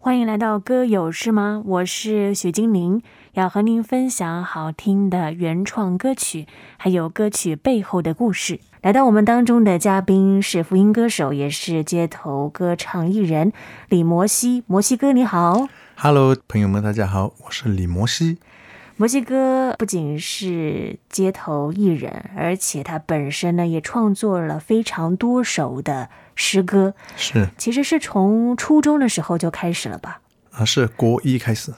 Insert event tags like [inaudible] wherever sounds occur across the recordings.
歡迎來到歌友，是嗎？我是許金寧，要和您分享好聽的原創歌曲，還有歌曲背後的故事。來到我們當中的嘉賓是福音歌手，也是街頭歌唱藝人李摩西。摩西哥，你好。Hello，朋友們，大家好，我是李摩西。摩西哥不僅是街頭藝人，而且他本身呢也創作了非常多首的。詩歌是，其實是從初中的時候就開始了吧？啊，是國一開始。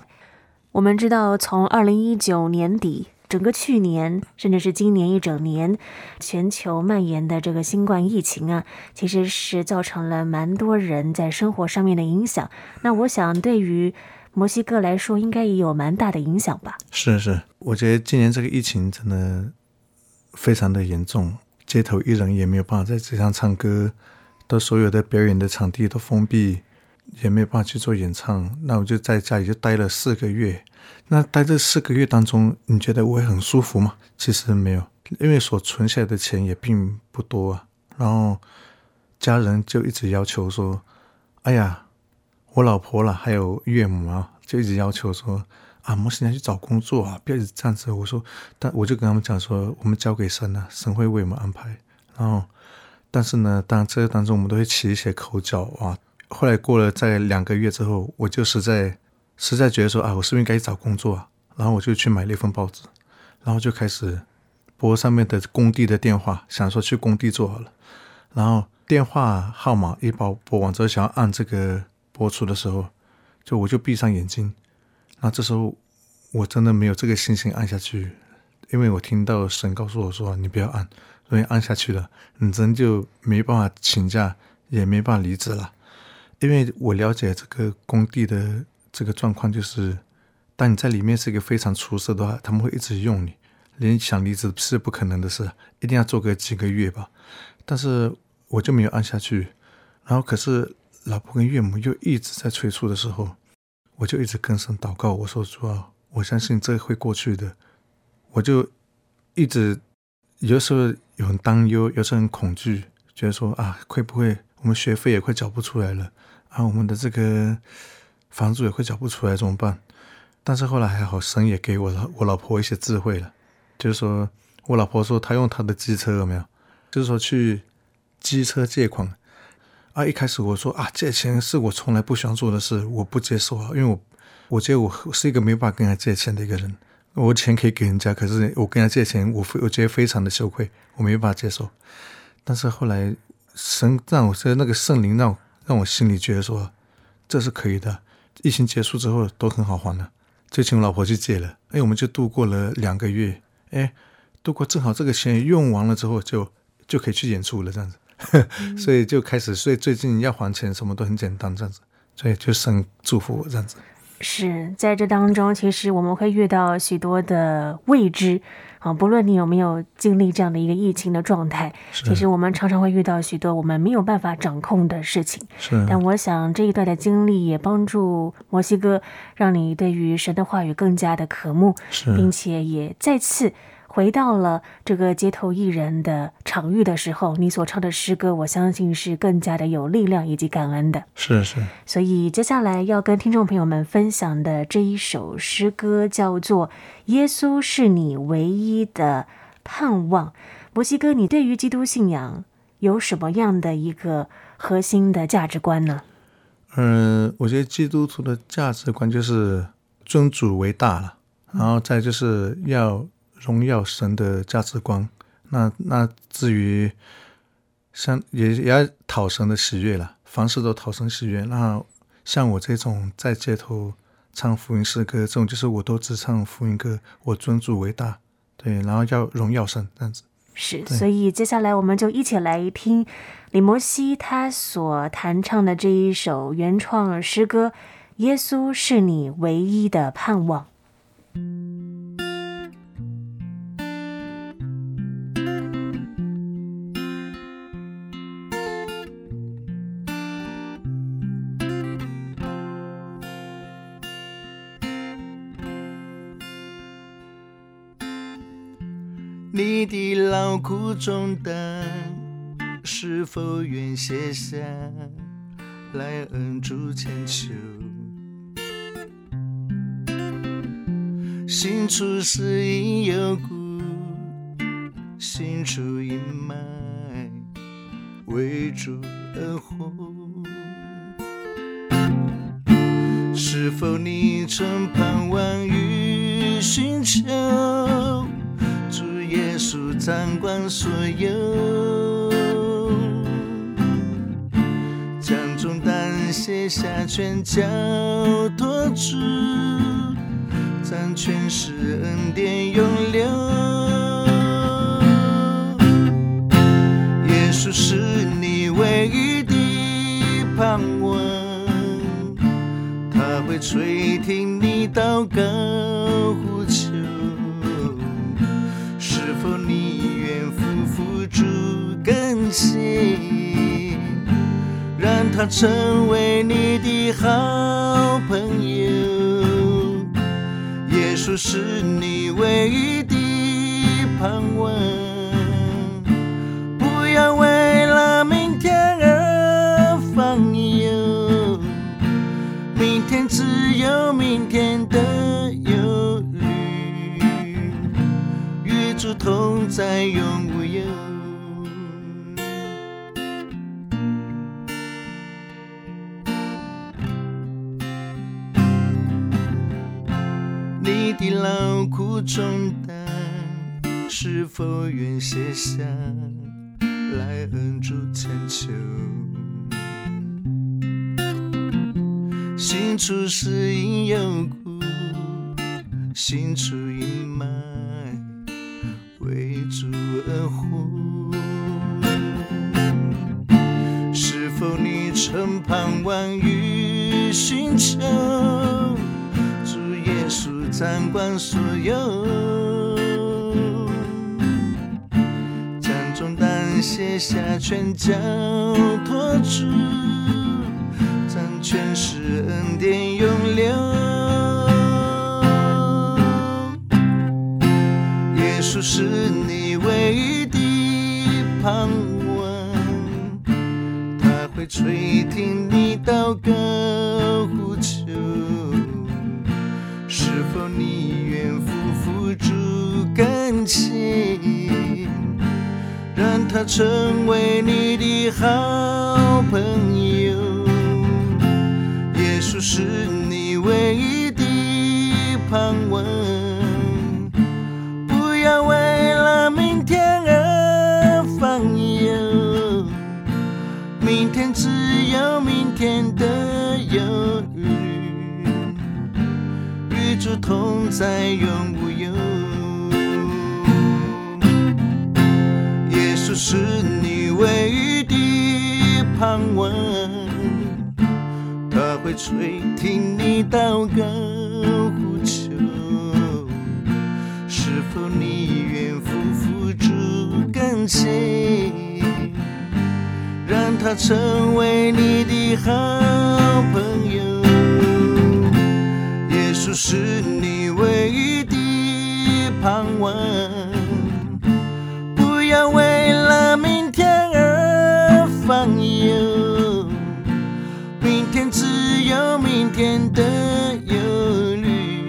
我們知道，從二零一九年底，整個去年，甚至是今年一整年，全球蔓延的這個新冠疫情啊，其實是造成了蠻多人在生活上面的影響。那我想，對於摩西哥來說，應該也有蠻大的影響吧？是是，我覺得今年這個疫情真的非常的嚴重，街頭藝人也沒有辦法在街上唱歌。的所有的表演的場地都封閉，也沒有辦法去做演唱。那我就在家裡就待了四個月。那待這四個月當中，你覺得我會很舒服嗎？其實沒有，因為所存下來的錢也並不多啊。然後家人就一直要求說：“哎呀，我老婆了，還有岳母啊，就一直要求說啊，我們現在去找工作啊，不要一直這樣子。”我說：“但我就跟他們講說，我們交給神了，啊，神會為我們安排。”然後。但是呢，當這個當中我們都會起一些口角啊。後來過了在兩個月之後，我就實在實在覺得說啊，我是不是應該去找工作啊？然後我就去買了一份報紙，然後就開始撥上面的工地的電話，想說去工地做好了。然後電話號碼一撥撥完之後，想要按這個播出的時候，就我就閉上眼睛。那這時候我真的沒有這個信心按下去，因為我聽到神告訴我說你不要按。所以按下去了，你真就沒辦法請假，也沒辦法離職了。因為我了解這個工地的這個狀況，就是當你在裡面是一個非常出色的話，他們會一直用你，連想離職是不可能的事，一定要做個幾個月吧。但是我就沒有按下去，然後可是老婆跟岳母，又一直在催促的時候，我就一直跟神禱告，我說主啊，我相信這會過去的，我就一直。有時候有很擔憂，有時候很恐懼，覺得說啊，會不會我們學費也快繳不出來了啊？我們的這個房租也快繳不出來怎麼辦？但是後來還好，神也給我我老婆一些智慧了，就是說我老婆說她用她的機車有沒有，就是說去機車借款。啊，一開始我說啊，借錢是我從來不想做的事，我不接受，啊，因為我我覺得我是一個沒辦法跟她借錢的一個人。我錢可以給人家，可是我跟他借錢，我非我覺得非常的羞愧，我沒辦法接受。但是後來神讓我是那個聖靈讓我讓我心裡覺得說這是可以的。疫情結束之後都很好還的，就請我老婆去借了。哎，我們就度過了兩個月。哎，度過正好這個錢用完了之後就，就就可以去演出了這樣子。 [laughs] 所以就開始，所以最近要還錢什麼都很簡單這樣子。所以就神祝福這樣子。是，在這當中，其實我們會遇到許多的未知啊，不論你有沒有經歷這樣的一個疫情的狀態，其實我們常常會遇到許多我們沒有辦法掌控的事情。是，但我想這一段的經歷也幫助摩西，讓你對於神的話語更加的渴慕，是，並且也再次。回到了這個街頭藝人的場域的時候，你所唱的詩歌，我相信是更加的有力量以及感恩的。是是。所以接下來要跟聽眾朋友們分享的這一首詩歌叫做《耶穌是你唯一的盼望》。摩西哥，你對於基督信仰有什麼樣的一個核心的價值觀呢？嗯、呃，我覺得基督徒的價值觀就是尊主為大了，然後再就是要。榮耀神的價值觀，那那至於像也也要討神的喜悅了，凡事都討神喜悅。那像我這種在街頭唱福音詩歌，這種就是我都只唱福音歌，我尊主為大，對，然後叫榮耀神這樣子。是，所以接下來我們就一起來聽李摩西他所彈唱的這一首原創詩歌《耶穌是你唯一的盼望》。重擔是否願卸下來，恩主千秋。心處是因有故，心處陰霾為主而活。是否你曾盼望與尋求？主掌管所有，掌中丹寫下，全交託出，掌權是恩典永流。耶穌是你唯一的盼望，他會垂聽你禱告。他成為你的好朋友，耶穌是你唯一的盼望。不要為了明天而煩憂，明天只有明天的憂慮。與主同在永。你的勞苦重擔，是否願卸下來，恩助千秋，心處是陰有苦，心處陰霾，為主而活。是否你曾盼望與尋求？掌管所有，將重擔卸下，全交託出，將全是恩典永留。耶穌是你唯一的盼望，他會垂聽你禱告。讓他成為你的好朋友，耶穌是你唯一的盼望。不要為了明天而煩憂，明天只有明天的憂慮，與主同在永。耶穌是你唯一的盼望，他會垂聽你禱告呼求。是否你願付付出感情，讓他成為你的好朋友？耶穌是你唯一的盼望。憂，明天自有明天的憂慮。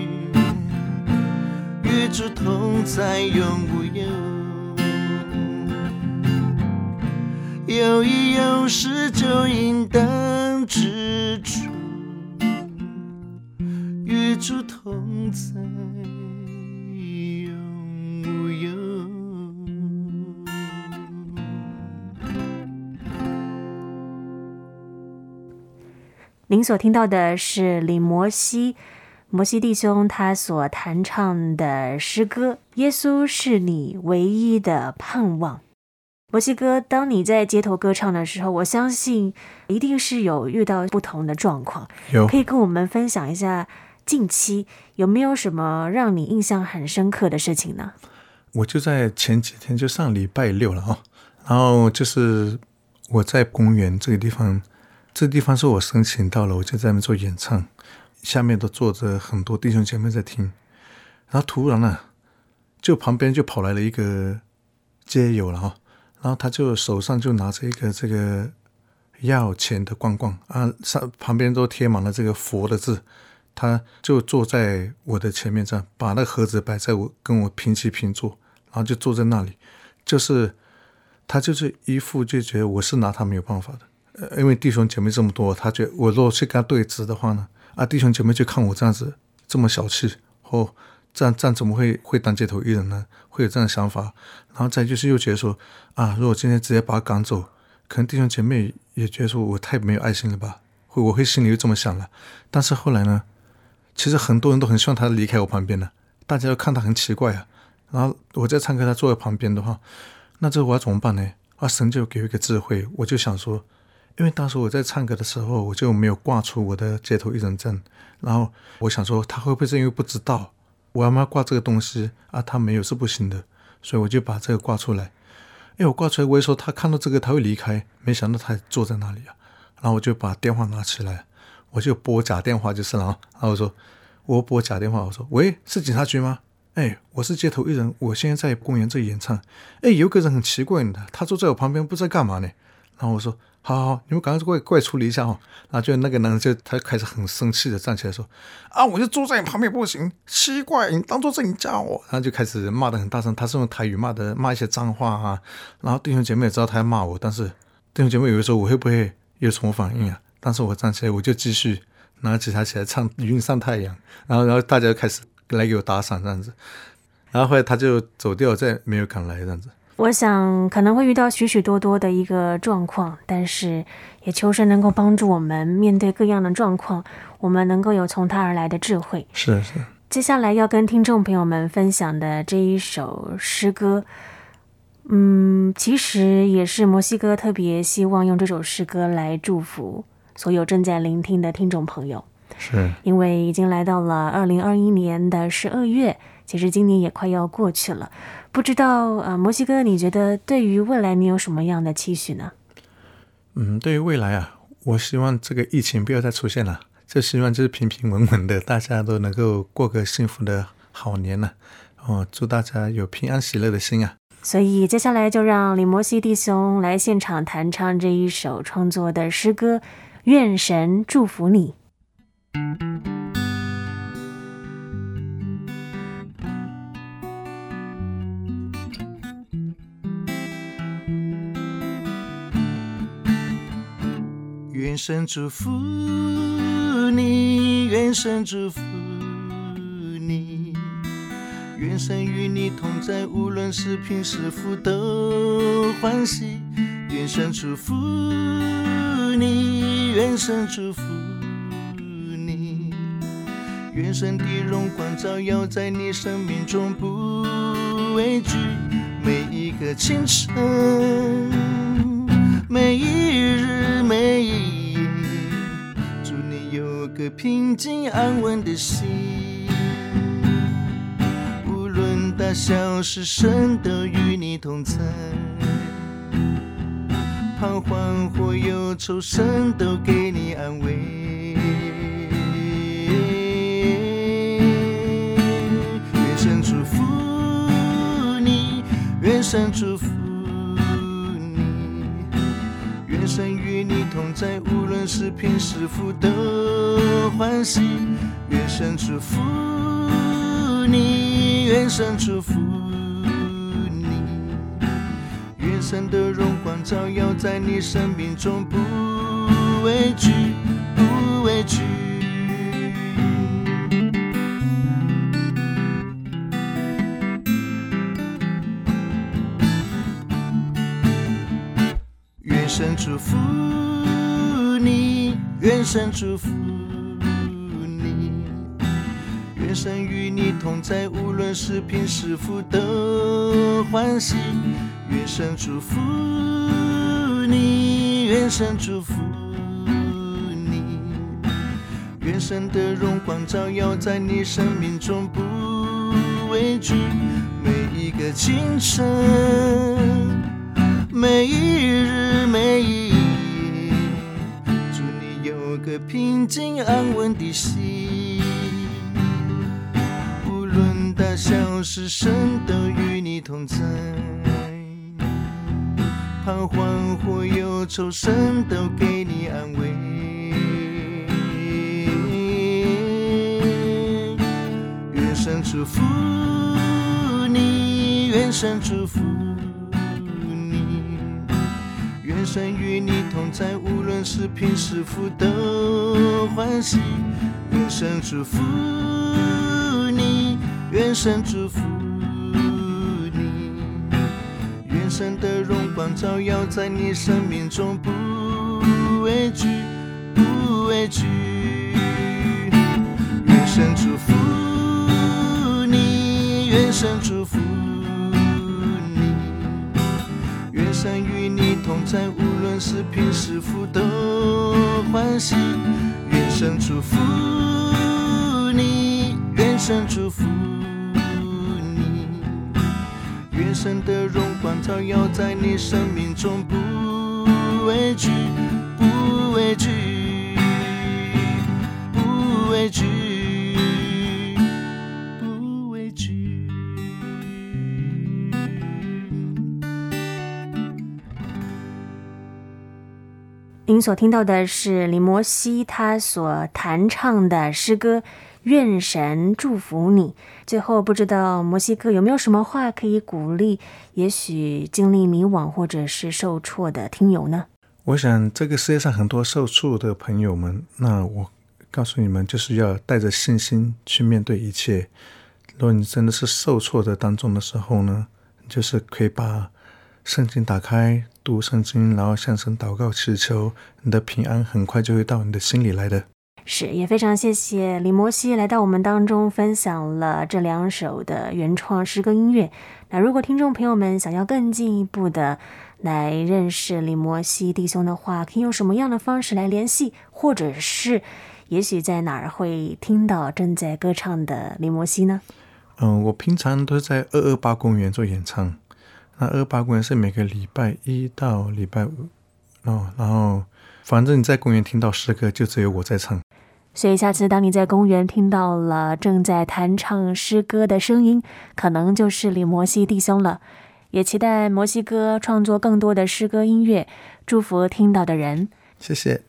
與主同在，永無憂。有衣有食，就應當知足。與主同在。您所聽到的是李摩西，摩西弟兄他所彈唱的詩歌。耶穌是你唯一的盼望，摩西哥。當你在街頭歌唱的時候，我相信一定是有遇到不同的狀況。有，可以跟我們分享一下，近期有沒有什麼讓你印象很深刻的事情呢？我就在前幾天就上禮拜六了啊，然後就是我在公園這個地方。這地方是我申請到了，我就在那邊做演唱，下面都坐着很多弟兄姐妹在聽。然後突然呢，就旁邊就跑來了一個街友了哈，然後他就手上就拿着一個這個要錢的罐罐，啊，上旁邊都貼滿了這個佛的字，他就坐在我的前面這樣，把那個盒子擺在我跟我平起平坐，然後就坐在那裡，就是他就是一副就覺得我是拿他沒有辦法的。因為弟兄姐妹這麼多，他覺得我如果去跟他對質的話呢，啊，弟兄姐妹就看我這樣子這麼小氣，哦，這樣這樣怎麼會會當街頭藝人呢？會有這樣的想法。然後再就是又覺得說，啊，如果今天直接把他趕走，可能弟兄姐妹也覺得說我太沒有愛心了吧？會我會心裡又這麼想了。但是後來呢，其實很多人都很希望他離開我旁邊的，大家都看他很奇怪啊。然後我在唱歌，他坐在旁邊的話，那這我要怎麼辦呢？啊，神就給我一個智慧，我就想說。因為當時我在唱歌的時候，我就沒有掛出我的街頭藝人證。然後我想說，他會不會是因為不知道我要麼掛這個東西啊？他沒有是不行的。所以我就把這個掛出來。哎，我掛出來，我就說他看到這個他會離開，沒想到他坐在那裡啊。然後我就把電話拿起來，我就撥假電話就是了啊。然後我說，我撥假電話，我說，喂，是警察局嗎？哎，我是街頭藝人，我現在在公園這裡演唱。哎，有個人很奇怪的，他坐在我旁邊，不知道幹嘛呢。然後我說：“好好好，你們趕快過來，過來處理一下哈、哦。”然後就那個男的，就他就開始很生氣的站起來說：“啊，我就坐在你旁邊不行，奇怪，你當作是你叫我。”然後就開始罵的很大聲，他是用台語罵的，罵一些髒話啊。然後弟兄姐妹也知道他要罵我，但是弟兄姐妹以為說我會不會有什麼反應啊？但是我站起來我就繼續拿起他起來唱《雲上太陽》，然後然後大家就開始來給我打傘這樣子。然後後來他就走掉，再也沒有敢來這樣子。我想可能會遇到許許多多的一個狀況，但是也求神能夠幫助我們面對各樣的狀況，我們能夠有從他而來的智慧。是是。接下來要跟聽眾朋友們分享的這一首詩歌，嗯，其實也是摩西哥特別希望用這首詩歌來祝福所有正在聆聽的聽眾朋友。是，因為已經來到了二零二一年的十二月，其實今年也快要過去了。不知道啊、呃，摩西哥，你覺得對於未來你有什麼樣的期許呢？嗯，對於未來啊，我希望這個疫情不要再出現了，就希望就是平平穩穩的，大家都能夠過個幸福的好年呢、啊。哦，祝大家有平安喜樂的心啊！所以接下來就讓李摩西弟兄來現場彈唱這一首創作的詩歌《願神祝福你》。願神，願神祝福你，願神祝福你，願神與你同在，無論是貧是富都歡喜。願神祝福你，願神祝福。願神的榮光照耀在你生命中，不畏懼。每一個清晨，每一日每一夜，祝你有個平靜安穩的心。無論大小事，神都與你同在。彷徨或憂愁，神都給你安慰。願神祝福你，願神與你同在，無論是貧是富都歡喜。願神祝福你，願神祝福你，願神的榮光照耀在你生命中，不畏懼，不畏懼。你，願神祝福你，願神與你同在，無論是貧是富都歡喜。願神祝福你，願神祝福你，願神的榮光照耀在你生命中，不畏懼每一個清晨，每一日每一日。個平靜安穩的心，無論大小事，神都與你同在；彷徨或憂愁，神都給你安慰。願神祝福你願生，願神祝福。願神與你同在，無論是貧是富都歡喜。願神祝福你，願神祝福你。願神的榮光照耀在你生命中，不畏懼，不畏懼。願神祝福你，願神祝福。無論是貧是富都歡喜，願神祝福你，願神祝福你，願神的榮光照耀在你生命中，不畏懼，不畏懼，不畏懼。您所聽到的是李摩西他所彈唱的詩歌《願神祝福你》。最後，不知道摩西哥有沒有什麼話可以鼓勵，也許經歷迷惘，或者是受挫的聽友呢？我想，這個世界上很多受挫的朋友們，那我告訴你們，就是要帶着信心去面對一切。如果你真的是受挫的當中的時候呢，就是可以把。聖經打開，讀聖經，然後向神禱告祈求，你的平安很快就會到你的心裡來的。是，也非常謝謝李摩西來到我們當中分享了這兩首的原創詩歌音樂。那如果聽眾朋友們想要更進一步的來認識李摩西弟兄的話，可以用什麼樣的方式來聯繫？或者是也許在哪兒會聽到正在歌唱的李摩西呢？嗯、呃，我平常都是在二二八公園做演唱。那二八公園是每個禮拜一到禮拜五，哦，然後反正你在公園聽到詩歌，就只有我在唱。所以下次當你在公園聽到了正在彈唱詩歌的聲音，可能就是李摩西弟兄了。也期待摩西哥創作更多的詩歌音樂，祝福聽到的人。謝謝。